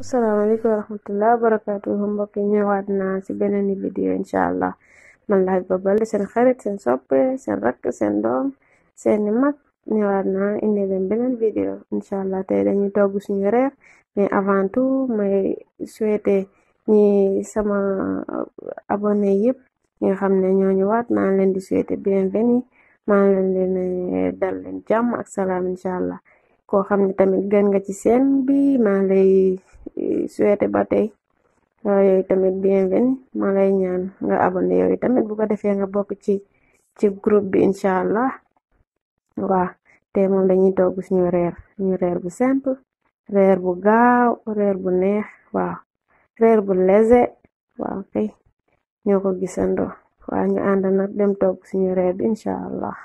Assalamualaikum warahmatullahi wabarakatuh mbokk yi ñëwaat naa ci beneen vidéo incha allah man Lahad Ba sen seen xarit seen soppe seen rakk seen doom seen mag ñëwaat naa indi leen beneen vidéo incha allah tey dañuy togg suñu mais avant tout may souhaiter ñi sama eh, abonné yépp nga xam ne ñu waat maa leen di souhaiter bienvenue maa leen leen dal leen jàmm ak salaam ko xam tamit gan nga ci sen bi ma lay eh, souhaiter ba tey yooyu tamit bienvenue ma lay ñaan nga abonné yooyu tamit bu ko défé nga bok ci ci groupe bi inshallah wa té mom dañuy togg suñu reer ñu reer bu simple reer bu gaaw reer bu neex wa reer bu léger wa kay ñoko ko wa ñu and nak dem togg suñu reer bi inshallah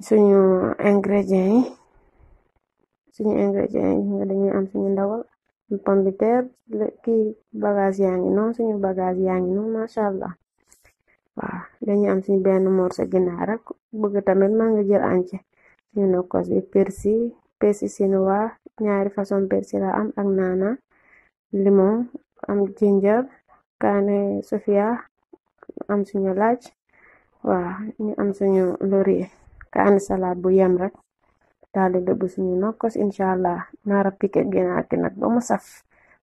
suñu ingrédients suñu ingrédients nga dañuy am suñu ndawal pombiteer ki bagage yaangi non suñu bagage yaangi non noonu macha allah wa dañuy am suñu benn morceau ginaar rek bëgg tamit ma nga jël ñu suñu ko ci persil persil ñaari façon persil la am ak nana limon am ginger kané sofia am suñu laaj wa ñu am suñu laurier bu بويام rek daal di dëbb suñu nokos inshallah na ra piqué gëna ak nak ba mu saf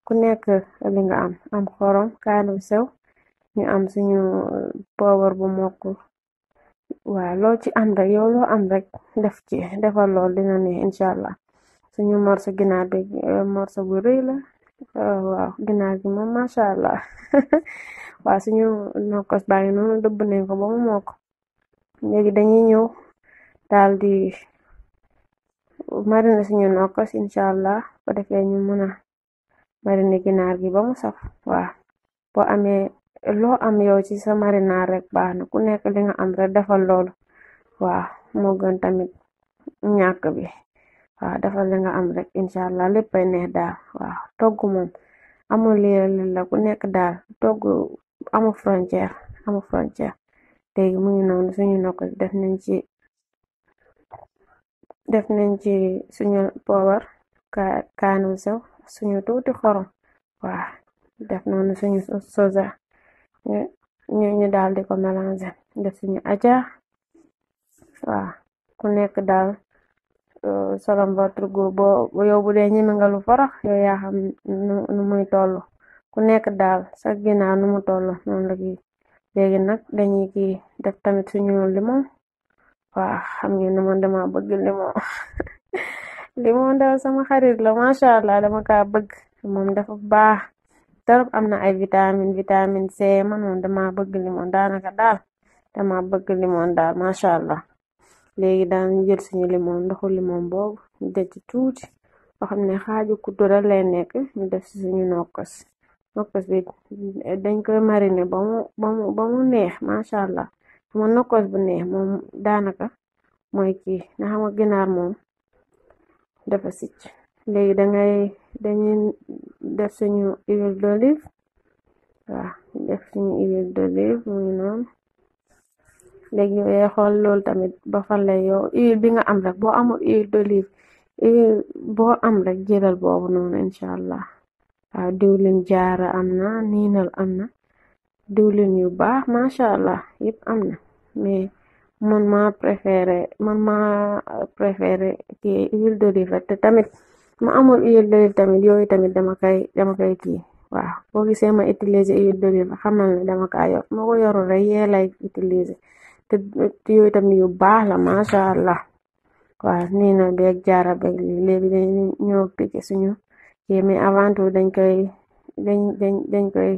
ku nekk li nga am am xorom kaani sew ñu am suñu power bu mokk wa lo ci am rek yow lo am rek def ci defal lool dina ne inshallah suñu morso ginaar be morso bu rëy la wa ginaar gi ma macha allah waaw suñu nokos bàyyi noonu dëbb nañ ko ba mu mokk léegi dañuy ñew daldi mariner suñu nokos inshallah ko defé ñu mëna mariner ginaar gi ba mu saf wa lo amé lo am yow ci sa marina rek baax na ku nekk li nga am rek defal lool wa mo gën tamit ñak bi wa defal li nga am rek inshallah léppay neex da wa togu mom amu lii la ku nekk daal togu amu frontière amu frontière léegi mu ngi noonu suñu nokos def nañ ci def nañ ci suñu poobar kanu sew suñu tuuti xorom waa def noonu suñu soza ñu ñu dal di ko mélanger def suñu aja waa ku nekk salam selon votre go bo yow bu dee ñeme nga lu farax yow yaa xam nu muy toll ku nekk dal sa ginnaaw nu mu toll noonu la kii léegi nag dañuy kii def tamit suñu limon waaw xam ngeen ne man dama bëgg limon limon daw sama xarit la macha allah dama kaa bëgg moom dafa baax torop am na ay vitamine vitamine C man moom dama bëgg limon daanaka daal dama bëgg limon daal macha allah léegi daan jël suñu limon ndoxu limon boobu ñu def ci tuuti boo xam ne xaaju kuddu rek lay nekk ñu def ci suñu nokkos nokkos bi dañ koy mariner ba mu ba neex macha allah. moom nokkos bu neex moom daanaka mooy kii nga xam ginaar moom dafa sicc léegi dangay dañuy def suñu huile d'olive def suñu huile d'olive mu ngi noonu léegi xool lool tamit ba fan lay yow huile nga am rek boo amul huile d'olive huile boo am rek jiral boobu noonu incha allah waaw diwlin jaara am na niinal am na diwlin yu baax macha allah yëpp am na mais man ma préféré man ma préféré kii huile d'olive la te tamit ma amul huile d'olive tamit yooyu tamit dama kay dama kay kii waaw boo gisee ma utiliser huile d'olive xamal ne dama kaa yor ma ko yorul rek yee lay utiliser tamit yu baax la macha allah waaw nii na beeg jaara beeg lii léegi dañ suñu kii mais avant tout dañ koy dañ dañ dañ koy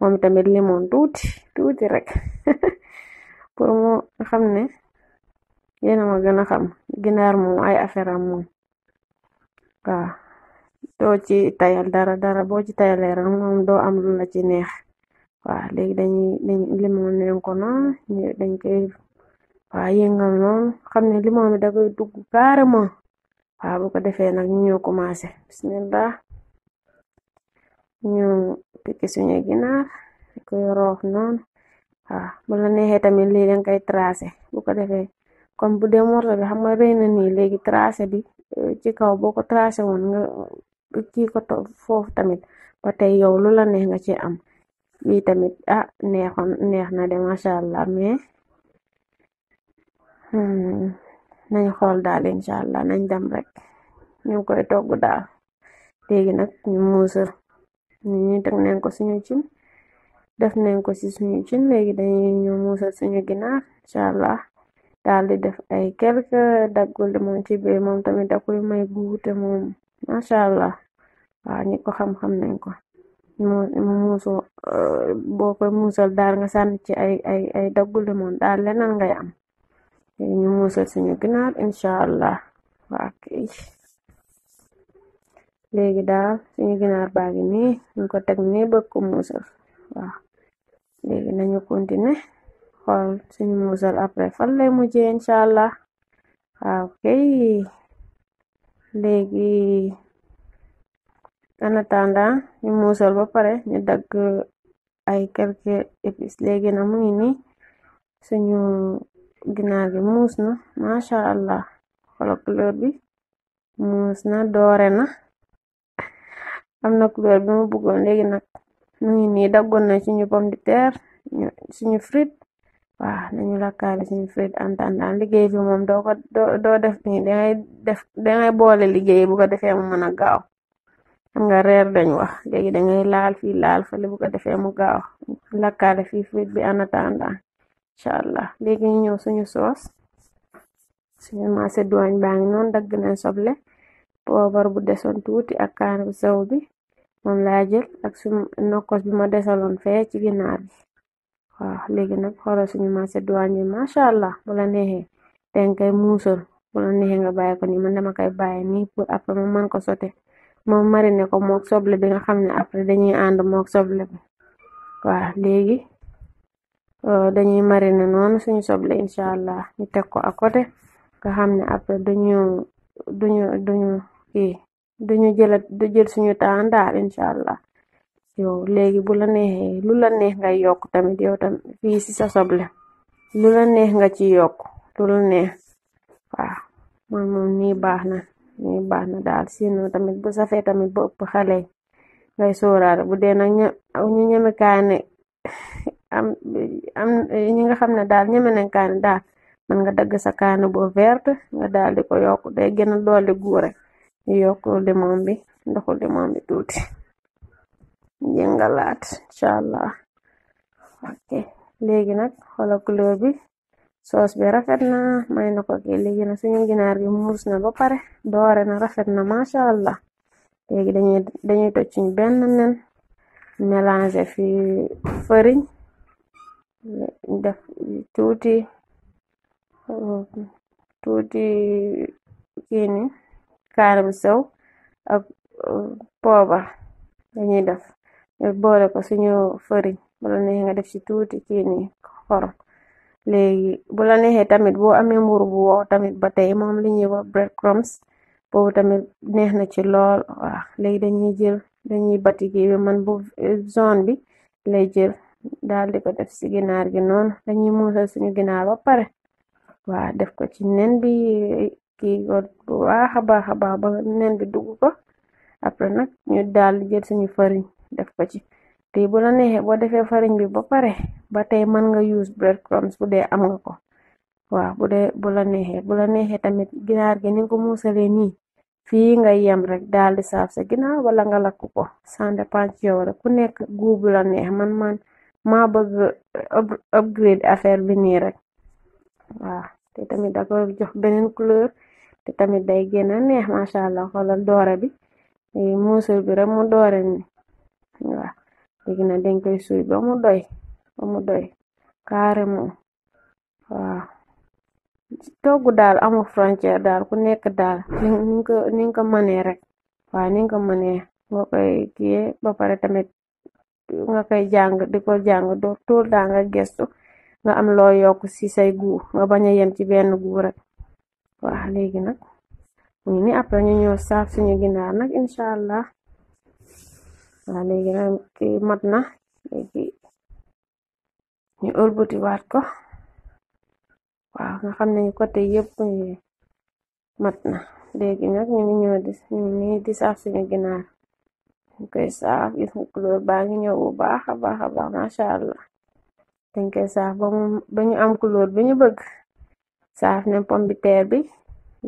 moom tamit limon tuuti tuuti rek pur mu xam ne yena ma gëna xam ginaar moom ay afeeram moom waaw doo ci tayal dara dara boo ci tayalee rek moom doo am lu la ci neex waaw léegi dañuy dañ limon neen ko noonu dañ koy waaw yëngal xam ne limo bi da koy dugg carrément waaw bu ko defee nag ñu ñëw commencé bismillah ñu piqué suñu ginaar ko roof noonu waaw bu la neexee tamit lii danga koy tracé bu ko defee comme bu dee bi xam nga rëy na nii léegi tracé bi eh, ci kaw boo ko tracé woon nga kii ko foofu tamit ba tey yow lu la neex nga ci am bii tamit ah neex na de macha allah mais hmm, nañ xool daal incha allah nañ dem rek ñu koy togg daal léegi nag ñu muusal ñu teg nañ ko suñu cin def nañ ko ci suñu cin léegi dañu ñu muusal suñu ginaar inchaallah daal di def ay quelque daggul moom ci biir moom tamit dakoy may buute moom machallah waaw ñi ko xam-xam nañ ko mu muuso euh, boo koy muusal daal nga sànni ci ay ay ay daggul moom daal leneen ngay am ñu muusal suñu ginaar inchaallah waa kay léegi daal suñu ginaar baa ngi ñu ko teg nii bëgg ko muusal waaw dinañu ñu xol suñu musal après fan lay mujjé inshallah waaw ah, kay léegi en attendant ñu musal ba paré ñu dagg ay quelques épices léegi na mu ngi ni suñu ginaar gi muus na masha allah xolo couleur bi musna na doore na amna couleur bi mu bëggoon léegi nak, mu ngi ni daggoon na ci ñu pomme de terre suñu frite waaw nañu lakkaale suñu frite en attendant liggéey fi moom doo ko doo def nii dangay def dangay boole liggéey bu ko defee mu mën a gaaw nga reer dañ wax léegi dangay laal fii laal fale bu ko defee mu gaaw lakkaale fii frite bi en attendant incha allah léegi ñu ñëw suñu soos suñu macédoine baa ngi noonu dagg nañ soble poobar bu desoon tuuti ak kaane bu sew bi moom laa jël ak su nokkos bi ma desaloon fee ci ginaar bi waaw léegi nag xoolal suñu macédoine yi macha allah bu la neexee danga koy muusal bu nga bàyyi ko nii man dama koy bàyyi nii pour après man mën ko sote ma mariner ko mook soble bi nga xam ne après dañuy ànd mook soble bi waaw léegi euh, dañuy mariner noonu suñu soble incha allah ñu teg ko à côté nga xam ne après duñu duñu duñu kii duñu jël du jël suñu temps daal incha allah. yow léegi bu la neexee lu la neex nga yokk tamit yo tam fii si sa soble lu la neex nga ci yokk lu la neex waaw man moom nii baax na nii baax na daal sinon tamit bu safee tamit ba ëpp xale ngay sóoraale bu dee nag ñu ñeme kaane am am ñi nga xam ne daal ñeme nañ kaane nga dagg sa kaane bu verte nga daal di ko yokk day gën a dolli guure yokk limon bi ndoxu limon tuuti jengalat incha oke, ok nak, nag xoolal couleur bi sauce bi rafet na may na ko legi na suñu ginar bi muus na ba pare doore na rafet na macha allah léegi dañuy dañuy toj ci ben nen mélanger fi fariñ def tuti tuti kii karam sew ak eh, poba dañuy def ɓeɗ boole ko siño fori bolanehe nga def ci tuuti kini hor léegi bolanehe tamit boo amee mbuur bu woow tamit ba tey moom li ñuy wa bread crumbs boobu tamit neex na ci lool waaw léegi dañuy jël dañuy batigi bi man bu zone bi lay jël daal di ko def ci ginaar gi noonu dañuy muusal suñu ginaar ba pare waa def ko ci nen bi kii ko bu baaxa baaxa baax ba nen bi dugg ko après nag ñu daal jël suñu fariñ ci te bu la neexee boo defee farine bi ba pare ba tey mën nga use bread crumbs bu dee am nga ko waaw bu dee bu la neexee bu la neexee tamit ginaar gi ni ko muusalee nii fii nga yem rek daal di saaf sa ginaar wala nga lakk ko sans dépend ci yow rek ku nekk goût bu la neex man man maa bëgg upgrade affaire bi nii rek waaw te tamit da ko jox beneen couleur te tamit day gën a neex macha allah xoolal doore bi muusal bi rek mu doore ni nga léegi na dañ koy suuy ba mu doy ba mu doy carrément waaw togg daal amu frontière daal ku nekk daal ni nga ni nga ko mënee rek waaw ni nga ko mënee nga koy kiye ba pare tamit nga koy jàng di ko jàng doo tool daa nga gestu nga am loo yokk si say guu nga bañ a yem ci benn guu rek waaw léegi nag mu ngi ni après ñu ñëw saaf suñu ginaar nag incha allah lagi gina ki mat na léegi ñu ëlbuti waat ko waaw nga xam ne côté yépp mat na léegi nag ñu ngi ñëw di ñu ngi di sa suñu ginaar ñu koy saaf gis nga couleur ba ngi ñëw bu baax a baax a baax allah dañ koy saaf ba mu am couleur bi ñu bëgg saaf ne pombiteer bi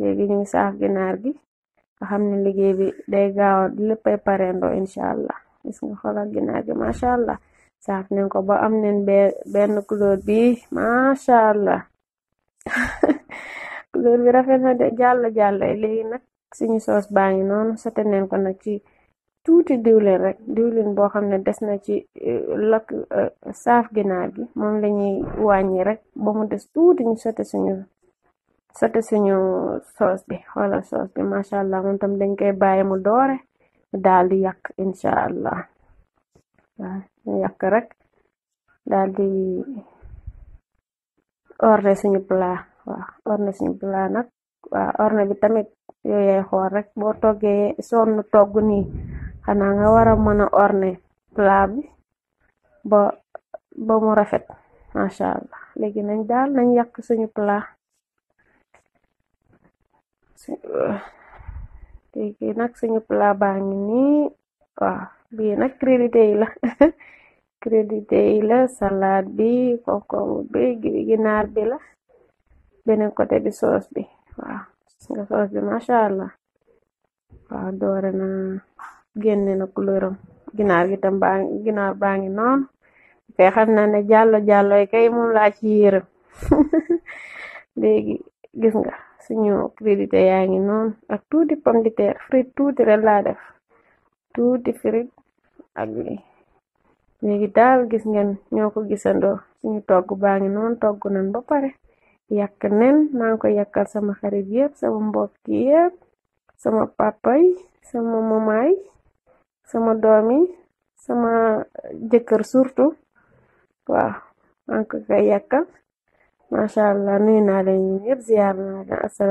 léegi ñu ngi saaf ginaar gi nga xam ne liggéey bi day gaaw pare parendoo incha allah gis इसमें खुराक गिना के machallah saaf nañ ko ba am nañ benn couleur bi machallah couleur bi rafet na de jàll jàll léegi nag suñu soos baa ngi noonu sote neen ko nag ci tuuti diwlin rek diwlin boo xam ne des na ci eh, lakk eh, saaf ginaar gi moom lañuy wàññi rek ba mu des tuuti ñu sote suñu sote suñu soos bi xoolal soos bi macha allah moom tam dañ koy bàyyi mu doore डालियक ya, ya, ya, Yak, yakrek dari orne suñu pla wa orne suñu pla nak. wa orne bi tamit yow xor rek bo toggee sonu togu ni xana nga wara mëna orne pla bi ba ba mu rafet macha allah nañ daal uh. nañ yak suñu pla léegi ya, ya, nak suñu plat baa ngi nii nak bii nag crédité la crédité yi la salade bi concombre bi ginaar bi la beneen côté bi sauce bi waaw nga sauce bi macha allah waaw doore na génne na couleuram ginar gi tam baa ginaar baa non, noonu kay xam kan naa ne jàllo jàllo kay moom laa ci yërëm léegi gis nga suñu crédité yaa ngi noonu ak di pomme de terre frit tout rek laa def di frit ak li léegi daal gis ngeen ñoo ko gisandoo suñu togg baa ngi noonu togg nañ ba pare yàq nen maa ngi ko sama xarit yépp sama mbokk yépp sama papa yi sama mama sama doom sama jëkkër surtout waaw maa ngi ko kay macha allah nuyu naa